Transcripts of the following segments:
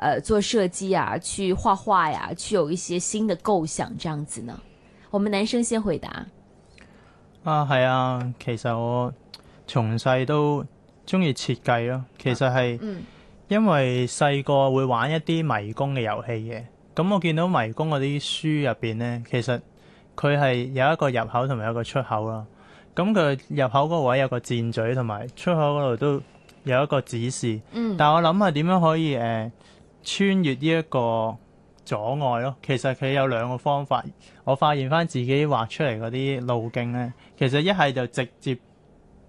誒、呃，做設計啊，去畫畫呀，去有一些新的構想，這樣子呢？我們男生先回答啊，係啊，其實我從細都中意設計咯。其實係因為細個會玩一啲迷宮嘅遊戲嘅，咁、嗯、我見到迷宮嗰啲書入邊呢，其實佢係有一個入口同埋有一個出口咯。咁佢入口嗰位有個箭嘴，同埋出口嗰度都有一個指示。但我諗係點樣可以誒？穿越呢一個阻礙咯，其實佢有兩個方法。我發現翻自己畫出嚟嗰啲路徑咧，其實一係就直接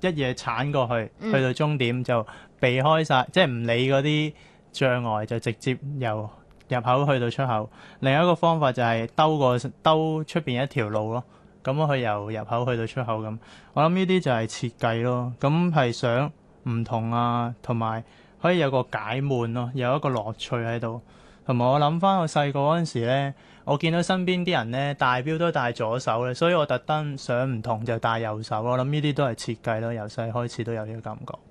一嘢鏟過去，去到終點就避開晒，即係唔理嗰啲障礙就直接由入口去到出口。另一個方法就係兜個兜出面一條路咯，咁佢由入口去到出口咁。我諗呢啲就係設計咯，咁係想唔同啊，同埋。可以有個解悶咯，有一個樂趣喺度。同埋我諗翻我細個嗰陣時咧，我見到身邊啲人咧戴錶都戴左手咧，所以我特登想唔同就戴右手咯。我諗呢啲都係設計咯，由細開始都有呢個感覺。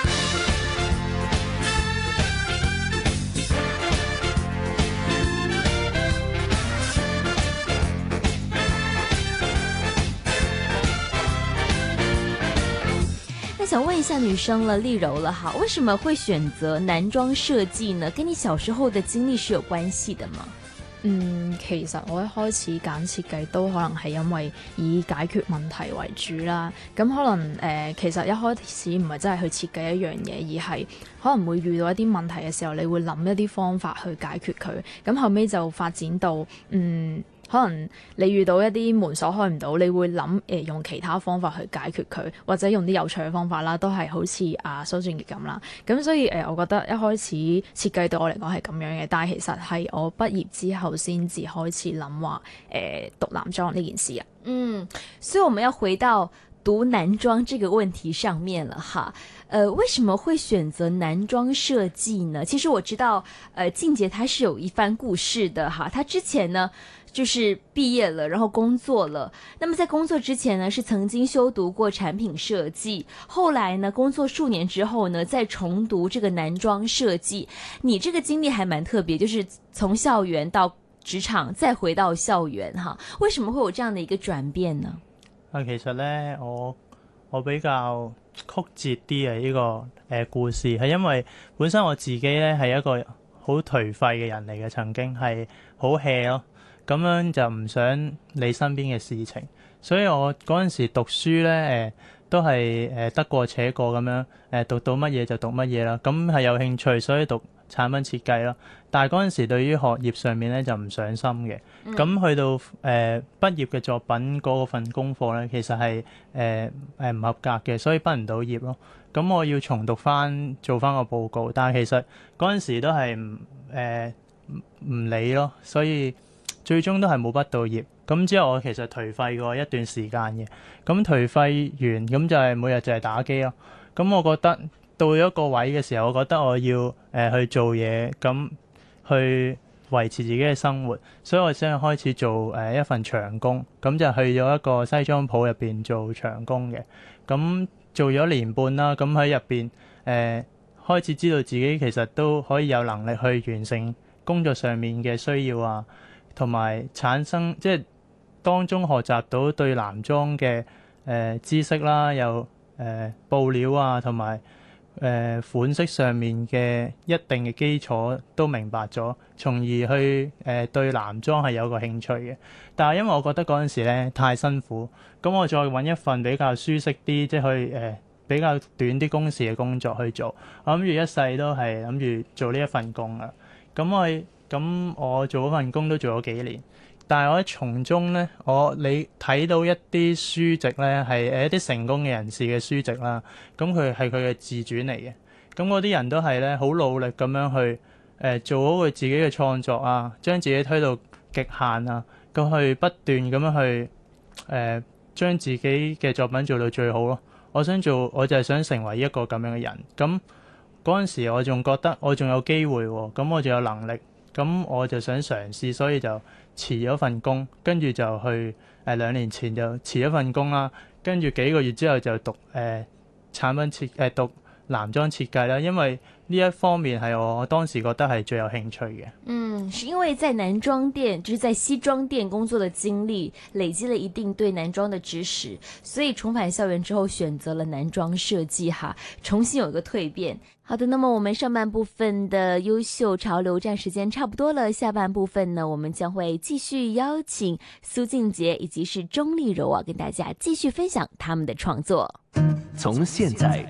想問一下女生了，麗柔了哈，為什麼會選擇男裝設計呢？跟你小時候的經歷是有關係的嗎？嗯，其實我一開始揀設計都可能係因為以解決問題為主啦。咁、嗯、可能誒、呃，其實一開始唔係真係去設計一樣嘢，而係可能會遇到一啲問題嘅時候，你會諗一啲方法去解決佢。咁、嗯、後尾就發展到嗯。可能你遇到一啲門鎖開唔到，你會諗誒、呃、用其他方法去解決佢，或者用啲有趣嘅方法啦，都係好似啊蘇俊傑咁啦。咁所以誒、呃，我覺得一開始設計對我嚟講係咁樣嘅，但係其實係我畢業之後先至開始諗話誒讀男裝呢件事啊。嗯，所以我們要回到讀男裝這個問題上面了哈。誒、呃，為什麼會選擇男裝設計呢？其實我知道誒、呃、靜姐她是有一番故事的哈。她之前呢，就是畢業了，然後工作了。那麼在工作之前呢，是曾經修讀過產品設計。後來呢，工作數年之後呢，再重讀這個男裝設計。你這個經歷還蠻特別，就是從校園到職場，再回到校園哈、啊？為什麼會有這樣的一個轉變呢？啊，其實呢，我我比較曲折啲啊，呢、這個誒、呃、故事係因為本身我自己呢，係一個好頹廢嘅人嚟嘅，曾經係好 hea 咯。咁樣就唔想你身邊嘅事情，所以我嗰陣時讀書咧，誒、呃、都係誒得過且過咁樣誒讀到乜嘢就讀乜嘢啦。咁係有興趣，所以讀產品設計啦。但係嗰陣時對於學業上面咧就唔上心嘅。咁去到誒畢、呃、業嘅作品嗰、那個、份功課咧，其實係誒誒唔合格嘅，所以畢唔到業咯。咁我要重讀返做返個報告，但係其實嗰陣時都係唔誒唔理咯，所以。最終都係冇畢到業，咁之後我其實頹廢過一段時間嘅，咁頹廢完咁就係每日就係打機咯。咁我覺得到咗一個位嘅時候，我覺得我要誒、呃、去做嘢，咁去維持自己嘅生活，所以我先開始做誒、呃、一份長工，咁就去咗一個西裝鋪入邊做長工嘅。咁做咗年半啦，咁喺入邊誒開始知道自己其實都可以有能力去完成工作上面嘅需要啊。同埋產生即係當中學習到對男裝嘅誒、呃、知識啦，又誒、呃、布料啊，同埋誒款式上面嘅一定嘅基礎都明白咗，從而去誒、呃、對男裝係有個興趣嘅。但係因為我覺得嗰陣時咧太辛苦，咁我再搵一份比較舒適啲，即去誒、呃、比較短啲工時嘅工作去做。我諗住一世都係諗住做呢一份工啦。咁我。咁我做嗰份工都做咗幾年，但係我喺從中咧，我你睇到一啲書籍咧，係誒一啲成功嘅人士嘅書籍啦。咁佢係佢嘅自傳嚟嘅。咁嗰啲人都係咧，好努力咁樣去誒做好佢自己嘅創作啊，將自己推到極限啊，咁去不斷咁樣去誒將自己嘅作品做到最好咯。我想做，我就係想成為一個咁樣嘅人。咁嗰陣時，我仲覺得我仲有機會喎，咁我仲有能力。咁我就想嘗試，所以就辭咗份工，跟住就去誒、呃、兩年前就辭咗份工啦，跟住幾個月之後就讀誒、呃、產品設誒、呃、讀。男裝設計啦，因為呢一方面係我當時覺得係最有興趣嘅。嗯，是因為在男裝店，就是在西裝店工作的經歷，累積了一定對男裝的知識，所以重返校園之後選擇了男裝設計哈，重新有一個蛻變。好的，那麼我們上半部分的優秀潮流戰時間差不多了，下半部分呢，我們將會繼續邀請蘇靜杰以及是鍾麗柔啊，跟大家繼續分享他們的創作。從現在。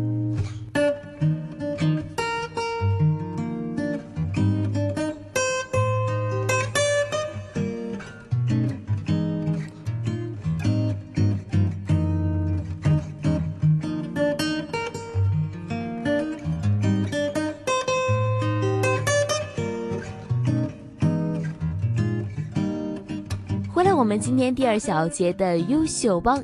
我們今天第二小節的優秀榜。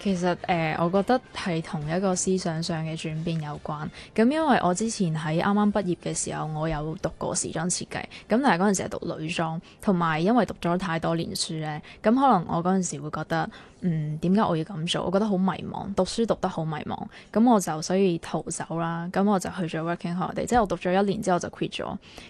其實誒、呃，我覺得係同一個思想上嘅轉變有關。咁因為我之前喺啱啱畢業嘅時候，我有讀過時裝設計。咁但係嗰陣時係讀女裝，同埋因為讀咗太多年書咧，咁可能我嗰陣時會覺得，嗯，點解我要咁做？我覺得好迷茫，讀書讀得好迷茫。咁我就所以逃走啦。咁我就去咗 Working Holiday，即係我讀咗一年之後就 quit 咗。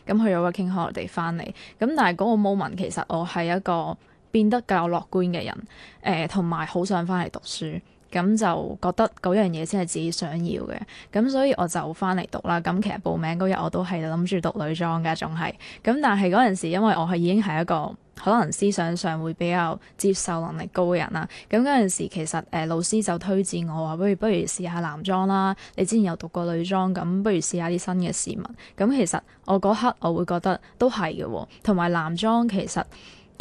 咁去咗 Working Holiday 返嚟，咁但係嗰個 moment 其實我係一個變得較樂觀嘅人，誒同埋好想翻嚟讀書，咁就覺得嗰樣嘢先係自己想要嘅，咁所以我就翻嚟讀啦。咁其實報名嗰日我都係諗住讀女裝嘅，仲係咁。但係嗰陣時，因為我係已經係一個可能思想上會比較接受能力高嘅人啦。咁嗰陣時其實誒、呃、老師就推薦我話，不如不如試下男裝啦。你之前有讀過女裝，咁不如試下啲新嘅事物。咁其實我嗰刻我會覺得都係嘅，同埋男裝其實。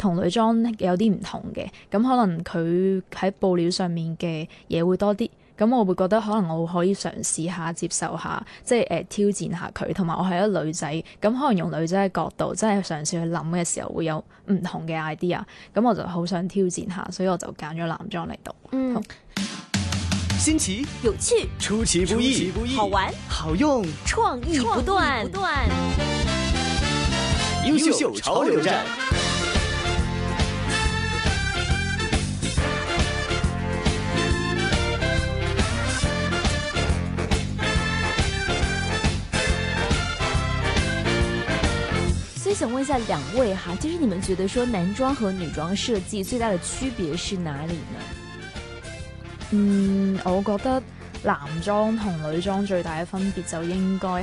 女裝同女裝有啲唔同嘅，咁可能佢喺布料上面嘅嘢會多啲，咁我會覺得可能我可以嘗試下接受下，即係誒、呃、挑戰下佢，同埋我係一女仔，咁可能用女仔嘅角度，即係嘗試去諗嘅時候會有唔同嘅 idea，咁我就好想挑戰下，所以我就揀咗男裝嚟讀。嗯，好新奇有趣，出其不意，不好玩好用，創意不斷，優秀潮流站。我想問一下兩位哈，其實你們覺得說男裝和女裝設計最大的區別是哪裡呢？嗯，我覺得男裝同女裝最大嘅分別就應該係誒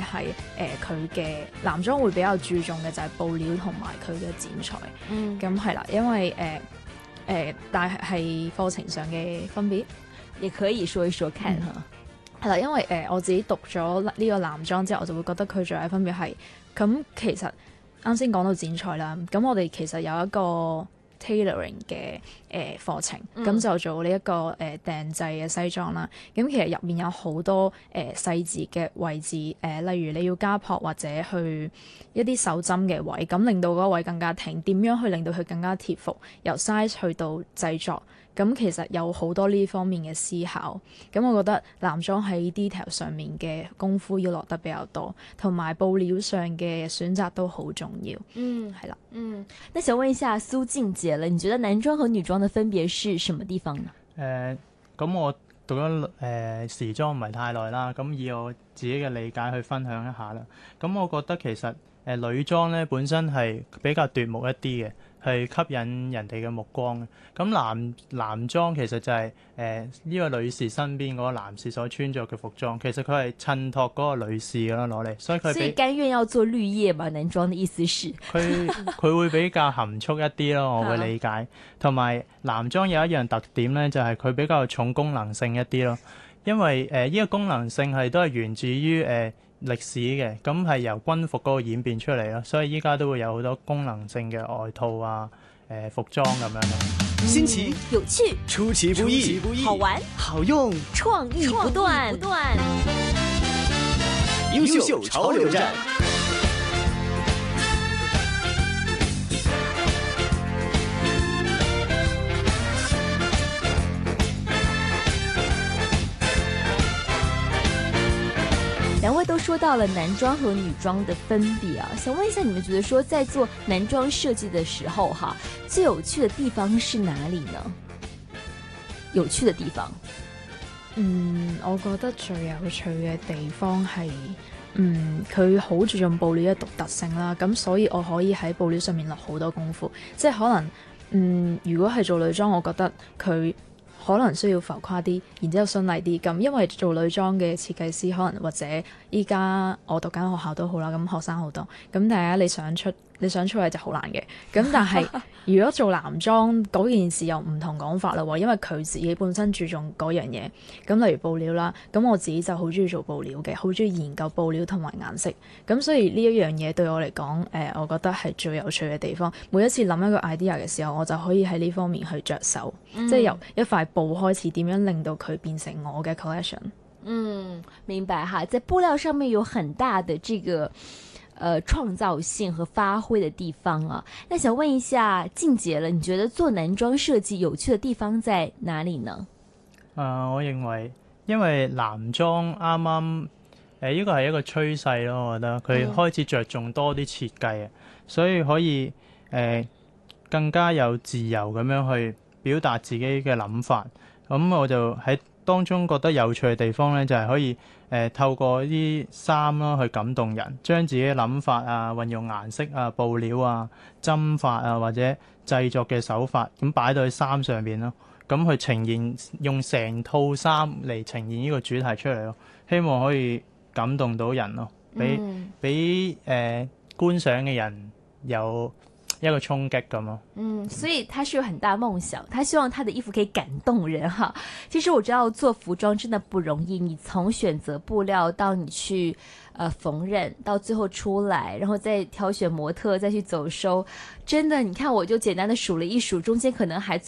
佢嘅男裝會比較注重嘅就係布料同埋佢嘅剪裁。咁係、嗯嗯、啦，因為誒誒、呃呃，但係係課程上嘅分別亦可以說一說看吓係啦，嗯、因為誒、呃、我自己讀咗呢個男裝之後，我就會覺得佢最大分別係咁其實。啱先講到剪裁啦，咁我哋其實有一個 tailoring 嘅誒課程，咁、嗯、就做呢、這、一個誒訂製嘅西裝啦。咁其實入面有好多誒、呃、細節嘅位置，誒、呃、例如你要加破或者去一啲手針嘅位，咁令到嗰位更加挺。點樣去令到佢更加貼服？由 size 去到製作。咁其實有好多呢方面嘅思考，咁我覺得男裝喺 detail 上面嘅功夫要落得比較多，同埋布料上嘅選擇都好重要。嗯，係啦。嗯，那想問一下蘇靜姐啦，你覺得男裝和女裝嘅分別係什麼地方呢？誒、呃，咁我讀咗誒、呃、時裝唔係太耐啦，咁以我自己嘅理解去分享一下啦。咁我覺得其實誒、呃、女裝咧本身係比較奪目一啲嘅。係吸引人哋嘅目光，咁男男裝其實就係誒呢個女士身邊嗰個男士所穿着嘅服裝，其實佢係襯托嗰個女士咯，攞嚟。所以佢所以甘願要做綠葉嘛，男裝嘅意思是佢佢 會比較含蓄一啲咯，我會理解。同埋男裝有一樣特點咧，就係、是、佢比較重功能性一啲咯，因為誒呢、呃這個功能性係都係源自於誒、呃歷史嘅咁係由軍服嗰個演變出嚟咯，所以依家都會有好多功能性嘅外套啊、誒、呃、服裝咁樣。都說到了男裝和女裝的分別啊，想問一下你們覺得說在做男裝設計的時候、啊，哈，最有趣的地方是哪裏呢？有趣的地方，嗯，我覺得最有趣嘅地方係，嗯，佢好注重布料嘅獨特性啦，咁所以我可以喺布料上面落好多功夫，即係可能，嗯，如果係做女裝，我覺得佢可能需要浮誇啲，然之後絢麗啲，咁因為做女裝嘅設計師可能或者。依家我讀緊學校都好啦，咁學生好多，咁但係你想出你想出嚟就好難嘅。咁但係如果做男裝嗰 件事又唔同講法啦喎，因為佢自己本身注重嗰樣嘢。咁例如布料啦，咁我自己就好中意做布料嘅，好中意研究布料同埋顏色。咁所以呢一樣嘢對我嚟講，誒、呃，我覺得係最有趣嘅地方。每一次諗一個 idea 嘅時候，我就可以喺呢方面去着手，嗯、即係由一塊布開始，點樣令到佢變成我嘅 collection。嗯，明白哈，在布料上面有很大的這個，呃，創造性和發揮的地方啊。那想問一下靜姐啦，你覺得做男裝設計有趣的地方在哪裏呢？誒、呃，我認為，因為男裝啱啱誒呢個係一個趨勢咯，我覺得佢開始着重多啲設計啊，嗯、所以可以誒、呃、更加有自由咁樣去表達自己嘅諗法。咁、嗯、我就喺。當中覺得有趣嘅地方咧，就係、是、可以誒、呃、透過啲衫咯去感動人，將自己嘅諗法啊，運用顏色啊、布料啊、針法啊，或者製作嘅手法咁、啊、擺到去衫上邊咯，咁、啊、去呈現用成套衫嚟呈現呢個主題出嚟咯、啊。希望可以感動到人咯，俾俾誒觀賞嘅人有，一個衝擊咁咯，嗯，所以他是有很大夢想，他希望他的衣服可以感動人哈。其實我知道做服裝真的不容易，你從選擇布料到你去，呃縫紉到最後出來，然後再挑選模特再去走秀，真的，你看我就簡單的數了一數，中間可能還。